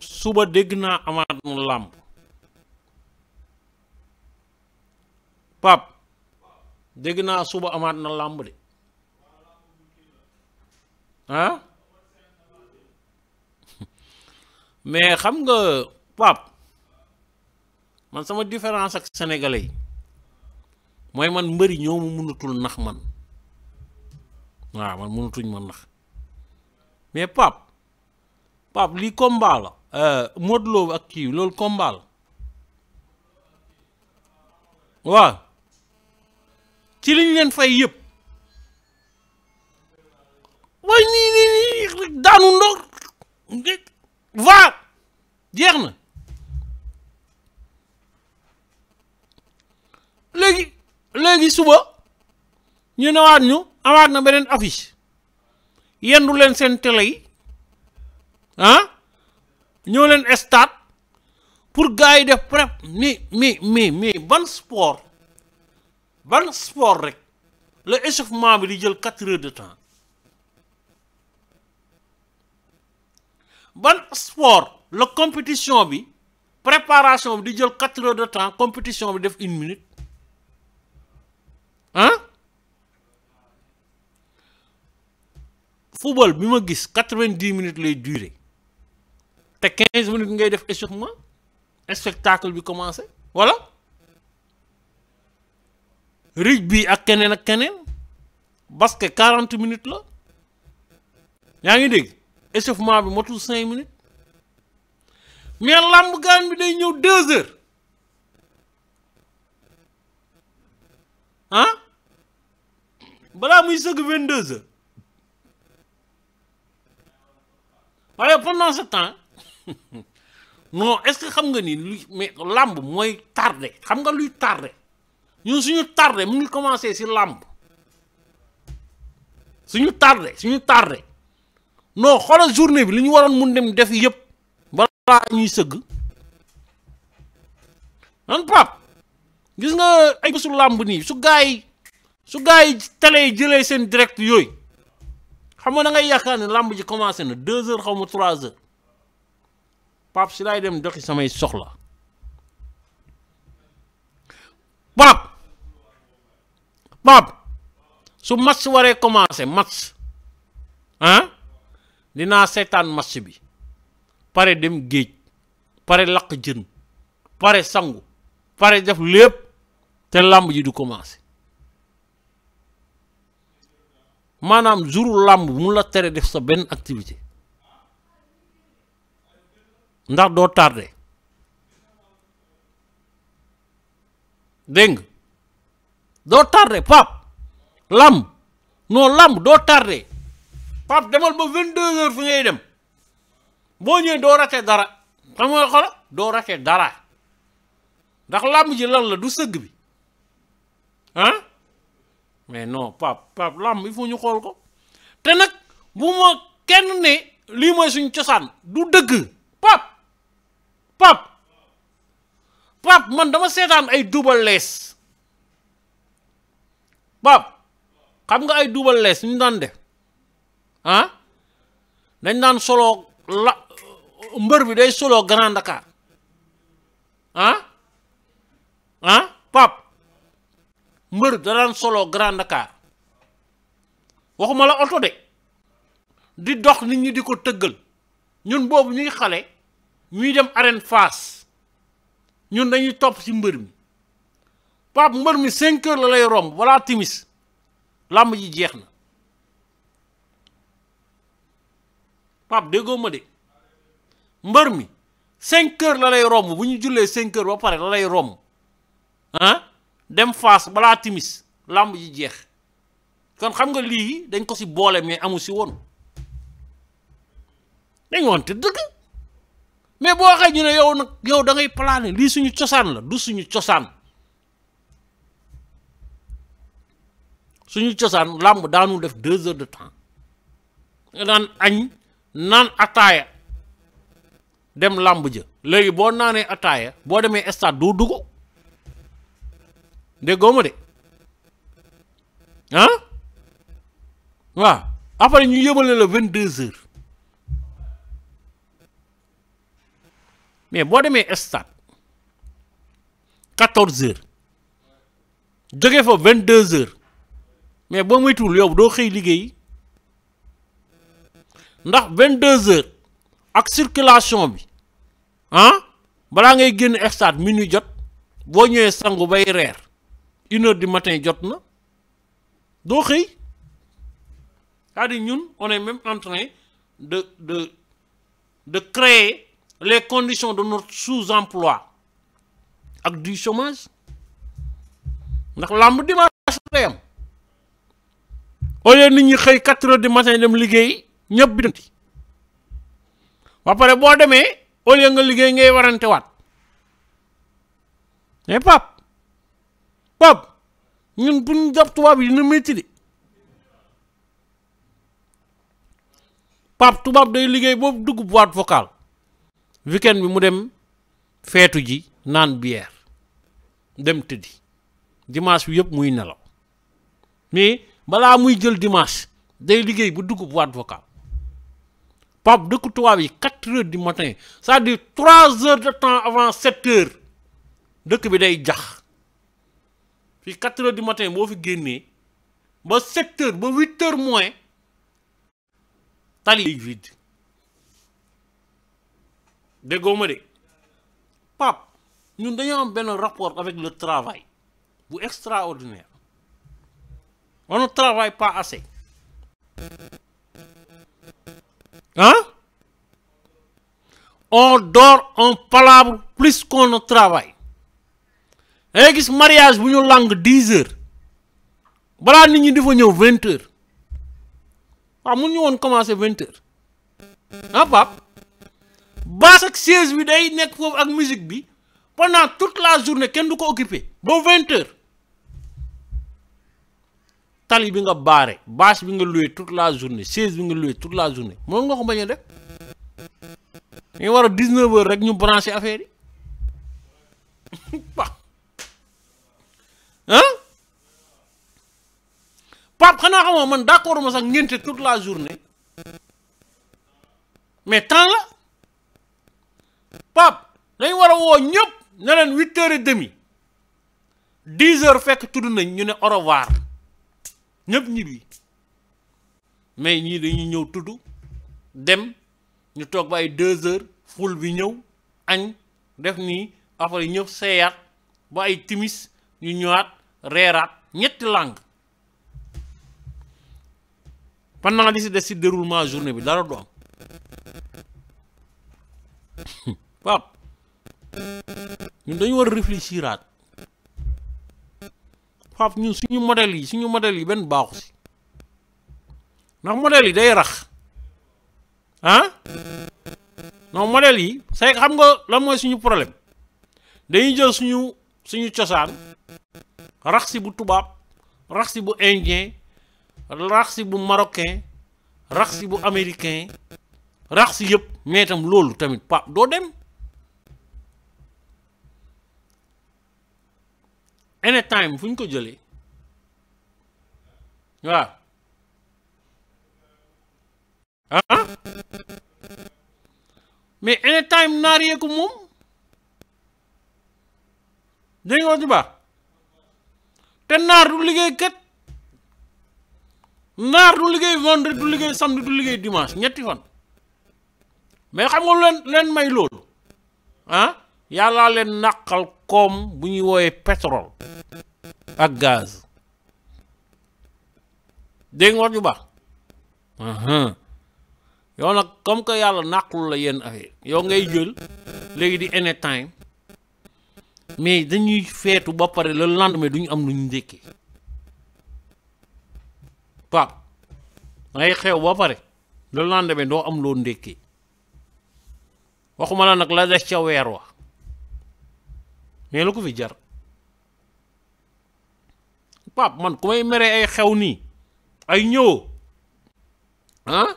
suba degna amat amaat pap degna suba amaat na de ah mais xam nga pap man sama différence ak sénégalais moy man mbeuri ñoomu mënutul nax man wa man mënutuñ man nax mais pap pap li combat la Euh, Modou Lo ak kii loolu combat la waaw ci liñ leen fay yépp waaye nii nii nii daanu ndox va jeex na léegi léegi suba ñu newaat ñu amaat na beneen affiche yendu leen seen télé yi ah avons un stade pour gars yi def prep mais mais mais mais bon sport bon sport rek le échauffement bi 4 heures de temps Bon sport la compétition bi préparation bi di 4 heures de temps la compétition bi def une minute hein football bi gis 90 minutes lay durée. 15 minutes de def Un spectacle bi commencé voilà rugby à ak à ak Parce que 40 minutes là. yaa ngi échauffement bi motul 5 minutes mais làmb gaan bi day 2 heures il hein? balaa muy sëgg 22 heures pendant ce temps. non est ce que xam nga ni lu mais làmb mooy tardé xam nga luy tardé ñun suñu tardé mu ngi commencé ci lamb suñu tardé suñu tardé non xol journée bi li ñu waroon mun dem def yëpp balaa ñuy sëgg non pap gis nga ay su lamb ni su gaay su gaay télé jëlé sen direct yoy xam nga ngay yakane lamb ji commencé na 2h xaw 3h Pape si laay dem doxi samay soxla Pape Pape su match waree commencé match ah dinaa seetaan match bi pare dem géej pare lakk jën pare sangu pare def lépp te làmb ji du commencé maanaam jour làmb mu la tere def sa benn activité ndax doo tardé dégg nga doo tardé pap lamb noo lamb doo tardé pap demal ba vingt deux heures fu ngay dem boo ñëwee doo rate dara xam nga xola doo rate dara ndax lamb ji lan la du sëgg bi ah mais non pap pap lamb il faut ñu xool ko te nag bu ma kenn ne lii mooy suñ cosaan du dëgg pap pap pap man dama seetaan ay Double Less pap xam nga ay Double Less ñu nande, ah dañ solo la mbër bi day solo Grand ka. ah ah pap mbër da daan solo Grand ka. waxuma la auto de di dox nit ñi di ko ñun bobu ñuy xalé, ñuy dem arène fas ñun dañuy top ci mbeur mi pap mbeur mi 5 heures la lay rom wala timis lamb ji jeexna na pap déggoo ma de mbeur mi 5 heures la lay rom bu ñu jullee heures ba paré la lay rom ah dem fas balaa timis lamb ji jeex kon xam nga li dañ ko ci bolé mais amu ci won dañ te deug mais boo waxee ñu ne yow nag yow da ngay plané lii suñu cosaan la du suñu cosaan suñu cosaan làmb daanu def deux heures de temps nga naan añ naan ataaya dem làmb ja léegi boo naanee ataaya boo demee stade doo dugg déggoo ma de ah waaw après ñu yëbale la vingt deux heures mais boo demee stade quatorze heures jóge fa vingt deux heures mais boo moytuwul yow doo xëy liggéey ndax vingt deux heures ak circulation bi ah balaa ngay génn stade minuit jot boo ñëwee sangu bay reer une heure du matin jot na doo xëy cest à ñun one est même en de de de créer les conditions de notre sous-emploi Avec du chômage ndax làmb dimanche au lieu ñi 4 heures du matin dem liggéey pas au nga liggéey ngay warante mais pap pap ñun bu ñu papa Papa de pap tubaab day liggéey boobu dugg vocale weekend bi mu dem feetu ji naan bière dem tëddi dimanche bi yëpp muy mais balaa muy jël dimanche day liggéey ba dugg boîte quatre heures du matin Ça, à dire trois heures de temps avant 7 heures dëkk bi day jax fii quatre heures du matin boo fi génnee ba sept heures ba huit heures moins tali vide de gomade pape nous avons un rapport avec le travail extraordinaire on ne travaille pas assez hein on dort en palabre plus qu'on ne travaille et ce mariage vous une langue 10 heures voilà nous nous devons 20 heures on commence commencer 20 heures hein pape basse ak 16 bi day nek fofu ak musique pendant toute la journée ken duko occuper bon 20h tali bi nga barré basse bi nga toute la journée 16 bi nga loué toute la journée mo nga ko bañé rek wara 19h rek ñu brancher affaire yi hein pap xana xama man d'accord ma sax ngenté toute la journée mais tant là pap dañ war a woo ñëpp ne leen demi dix heures fekk tudd nañ ñu ne au revoir ñëpp ñibbi mais ñii dañuy ñëw tudd dem ñu toog ba ay deux heures ful bi ñëw añ def nii après ñëw seeyaat ba ay timis ñu ñëwaat reeraat ñetti làng pendant li si des si déroulement journée bi dara du pap ñun dañu war a réfléchiraat pap ñun suñu modèle yi suñu modèle yi benn baaxu si ndax modèle yi day rax ah non modèle yi say xam nga lan mooy suñu problème dañu jël suñu suñu cosaan raxsi bu tubaab raxsi bu indien rax bu marocain raxsi bu américain rax si yëpp mais itam loolu tamit pap doo dem anytime fu ñu ko jëlee waaw ah mais anytime naar yee ko moom dégg nga wax baax te naar du liggéey kat naar du liggéey vendredi du liggéey samedi du liggéey dimanche ñetti fan mais xam nga leen leen may loolu ah yàllaa leen naqal koom bu ñuy woowee pétrole ak gaz dégg wax ju baax yow nag comme que yàlla nàqul la yenn affaire yow ngay jël léegi di anytime mais dañuy feetu ba pare le lendemain du ñu am lu ñu ndékkee xew ba pare le lendemain doo am loo ndékkee waxuma la nag la des ca weer wa mais lu ko fi jar pap man ku may mere ay xew nii ay ñëw ah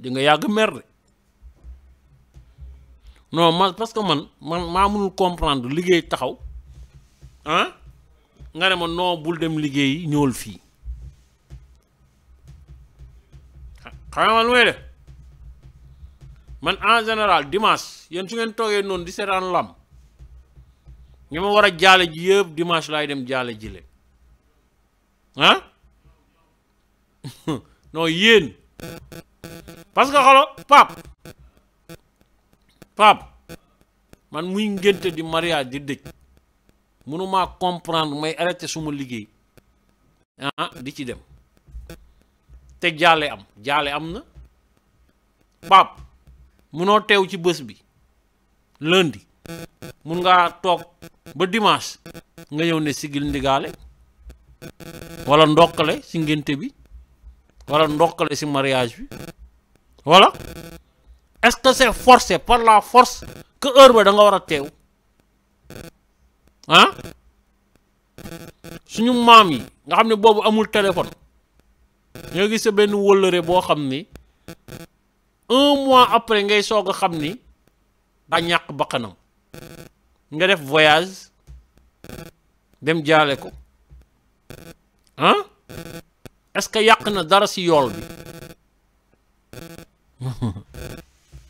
di nga yàgg mer de non man parce man maa mënul comprendre liggéey taxaw ah nga ne ma non bul dem liggéey ñëwul fii xam man lu may def man en général dimanche yéen su ngeen toogee noonu di seetaan lamb ñi ma war a jaale ji yëpp dimanche laay dem jaale ji leen ah non yéen parce que xolo pap man muy ngénte di mariage di dëj mënumaa comprendre may arrêté suma liggéey ah di ci dem te jaale am jaale am na pap mënoo teew ci bés bi lundi mun nga tok ba dimanche nga ñëw ne sigil ndigalé wala ndokalé ci ngenté bi wala ndokalé ci mariage bi wala est-ce que c'est forcé par la force que heure ba da nga wara a hein ah suñu mam yi nga xamné bobu amul téléphone ñoo gis ben wolleré bo xamné un mois après ngay soog xamné ñak bakanam nga def voyage dem jaale ko ah est-ce que yàq na dara si yool bi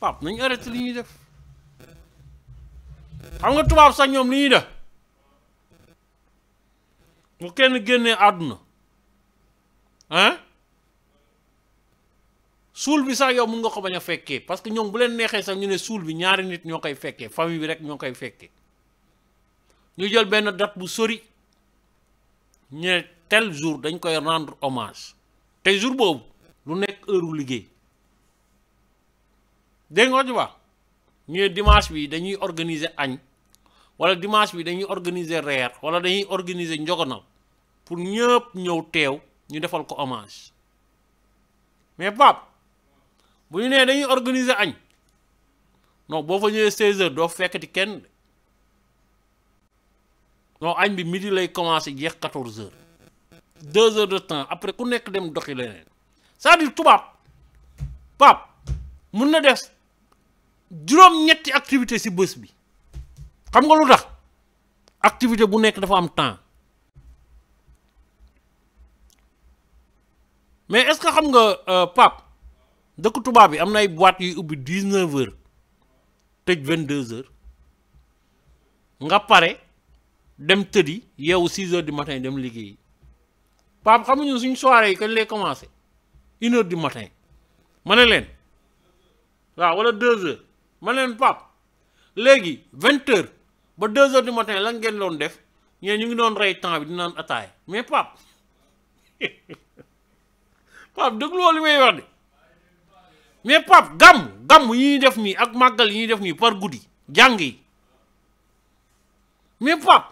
Pape nañ arrêté li ñuy def xam nga tubaab sax ñoom li ñuy def bu kenn génnee àdduna ah suul bi sax yow mun nga ko bañ a fekkee parce que ñoom bu leen neexee sax ñu ne suul bi ñaari nit ñoo koy fekkee famille bi rek ñoo koy fekkee ñu jël benn dat bu sori ñu ne tel jour dañ koy rendre hommage te jour boobu lu nekk heure wu liggéey dégg nga ci baax ñu dimanche bi dañuy organiser añ wala dimanche bi dañuy organiser reer wala dañuy organiser njogonal pour ñëpp ñëw teew ñu defal ko hommage mais Pape bu ñu nee dañuy organiser añ non boo fa ñëwee 16 heures doo fekkati kenn. non añ bi midi lay commencé hier 14 heures 2 heures de temps après ku nekk dem doxi leneen c'est-à-dire tubaab pap mun na def juróom-ñetti activité ci bëss bi xam nga lu tax activité bu nekk dafa am temps mais est-ce que xam nga euh, pap dëkk tubaab bi am na ay boîte yu ubi 19 heures tej 22 heures nga paré dem teudi yow 6h du matin dem liggéeyi pap xamuñu suñ soirée yi kañ lay commencé 1h du matin mané len wa wala 2h mané ma ne leen Pape ba 2h du matin lan ngeen doon def ñe ñu ngi don ray temps bi dinañ ataay mais pap pap deug li limay wax de mais pap gam gam yi ñuy def nii ak magal yi ñuy def nii par goudi jàng mais pap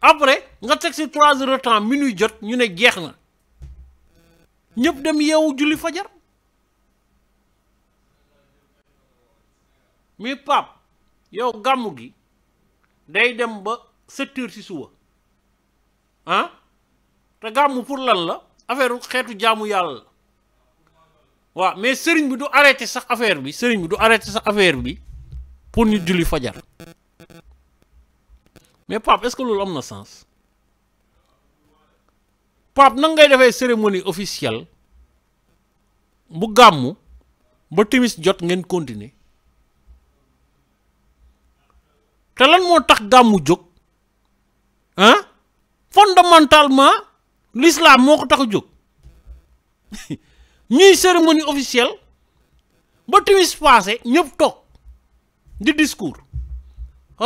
après nga teg si trois heures de temps minuit jot ñu ne jeex na ñëpp dem yeewu julli fajar mais Pape yow gàmmu gi day dem ba sept heures ci suba ah te gàmmu pour lan la affaire xeetu jaamu yàlla la waaw mais sëriñ bi du arrêté sax affaire bi sëriñ bi du arrêté sax affaire bi pour ñu julli fajar mais pap est-ce que loolu am na sens pap nan ngay defee cérémonie officielle bu gàmmu ba timis jot ngeen continuer Telan lan moo tax gàmmu jóg ah fondamentalement l'islam moo ko tax a ñuy cérémonie officielle ba timis passé ñëpp tok di discours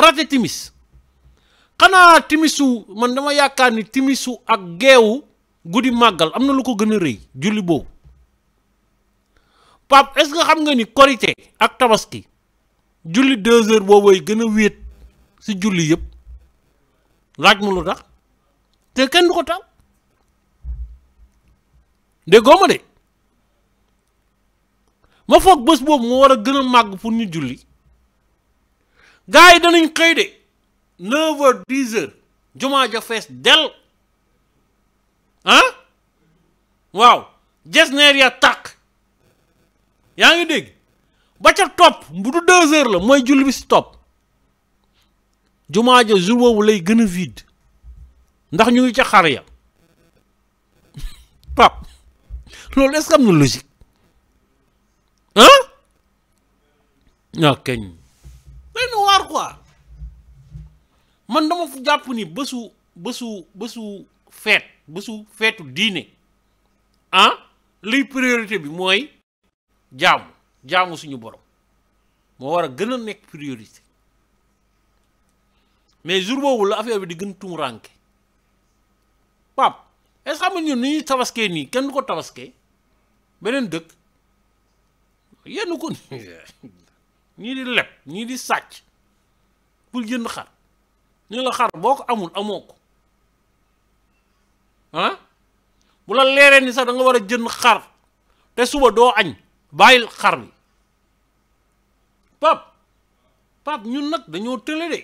raté timis xanaa timisu man dama yaakaar ni timisu ak geewu guddi màggal am na lu ko gën a rëy julli boobu Pape est-ce que xam nga ni korite ak tabaski julli deux heures boobu gën a wéet si julli yëpp laaj mu lu tax te kenn du ko taw déggoo ma de ma foog bés boobu moo war a gën a màgg pour ñu julli gars yi danañ xëy de. neuf heures dix heures jumaa ja fees del ah waaw jesneer ya tàq yaa ngi dégg ba ca topp bu du deux heures la mooy julli bi si topp jumaa ja boobu lay gën a vide ndax ñu ngi ca xar ya pap loolu est na logique ah ñaa keñ day nu waar quoi man dama fu jàpp ni bésu bésu bésu feet bésu feetu diine ah liy priorité bi mooy jaamu jaamu suñu borom moo war a gën a nekk priorité mais jour boobu la affaire bi di gën tum pam pap est-ce que ni ñuy tabaskee nii kenn du ko tabaskee beneen dëkk yenn ko ñii di leb ñii di sàcc pour jënd xar ni la xar boko amok, amul amoko ko ah bu la leeree ni sax da nga wara jënd xar te suba do añ bayil xar bi pap pap ñun nak dañoo télé dé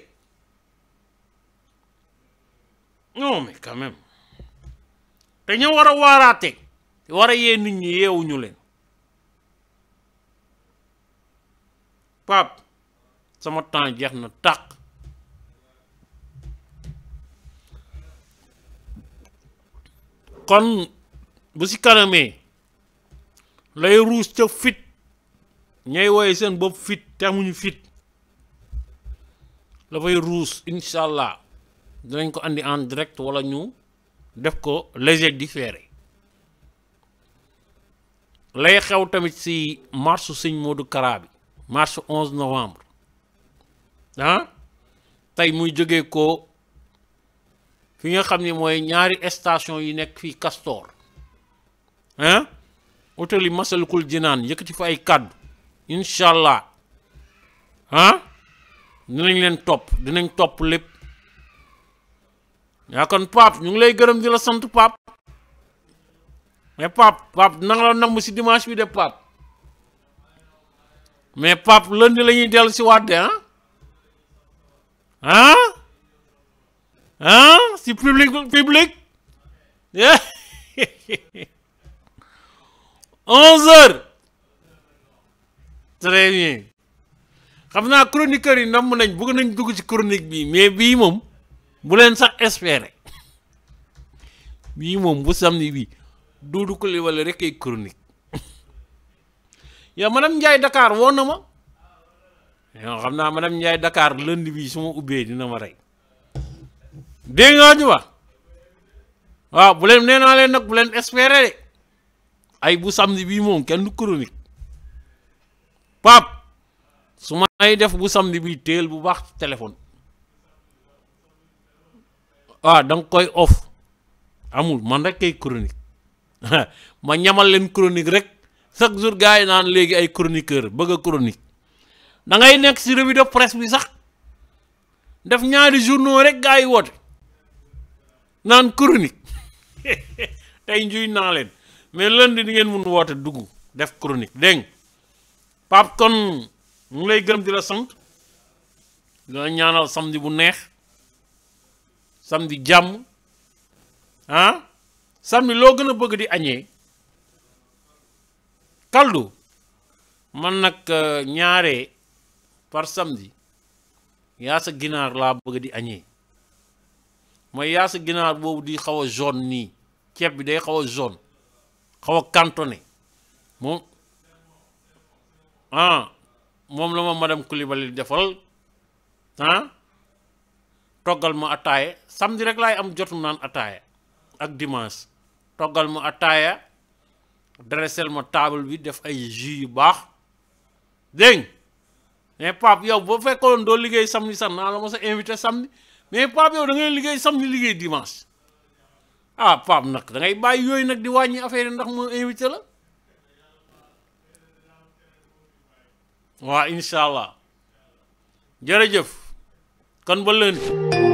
non mais quand même te ñu wara waraté wara nit ñi ñu leen pap sama temps jeex na tak kon bu si kanamee lay ruus ca fit ñay woye seen bopp fit te amuñu fit dafay ruus incha allah dinañ ko indi en direct wala ñu def ko léger différé lay xew tamit si marche sëñ Modou Kara bi marche 11 novembre ah tey muy jógee ko fi nga xam ni mooy ñaari station yi nekk fii Castor ah hôtel yi ji naan yëkkati fa ay kàddu incha allah ah dinañ leen topp dinañ topp lépp yaa kon Pape ñu ngi lay gërëm di la sant Pape mais Pape Pape dina la namm si dimanche bi de mais Pape lundi la ñuy dellu si Hein Si public, public. xam naa chroniqueurs yi namm nañ bëgg nañ dugg ci chronique bi mais bii moom bu leen sax espérer bii moom bu ni bi Doudou Coulibaly rek ay chronique ma madame Ndiaye Dakar woon na ma yow xam naa madame Ndiaye dakaar lundi bi su ma ubbee dina ma rek dégg nga ñu wax waaw bu leen nee leen nag bu leen espérer de ay bu samedi bii moom kenn du chronique pap su may def bu samedi bi teel bu baax téléphone waaw ah, da nga koy off amul man rek kay chronique ma ñamal leen chronique rek chaque jour gars yi naan léegi ay chroniqueur bëgg a chronique da ngay nekk ci revue de bi sax def ñaari journaux rek gars yi woote nan chronique tay njuy naa len mais lundi di ngeen mën woote dugu, def chronique Deng, pap kon mu ngi lay gëm di la sant di la ñaanal samedi bu neex samedi jam ah samedi lo gëna bëgg di agné kaldu man nak euh, ñaaré par samedi ya sa ginar la bëgg di agné mooy yaa sa ginaar boobu di xaw a jaune nii ceeb bi day xaw a jaune xaw a cantonné moom ah moom la ma madame Coulibaly defal ah toggal ma attaaye samedi rek laay am jotu naan attaaya ak dimanche toggal ma attaaya dressel ma table bi def ay jus yu baax dégg mais Pape yow boo fekkoon doo liggéey samedi sax naa la ma sa invité samedi mais Pape yow da ngay liggéey samedi liggéey dimanche ah Pape nag da ngay bàyyi yooyu nag di wàññi affaire ndax mu invité la waa incha allah jërëjëf kon ba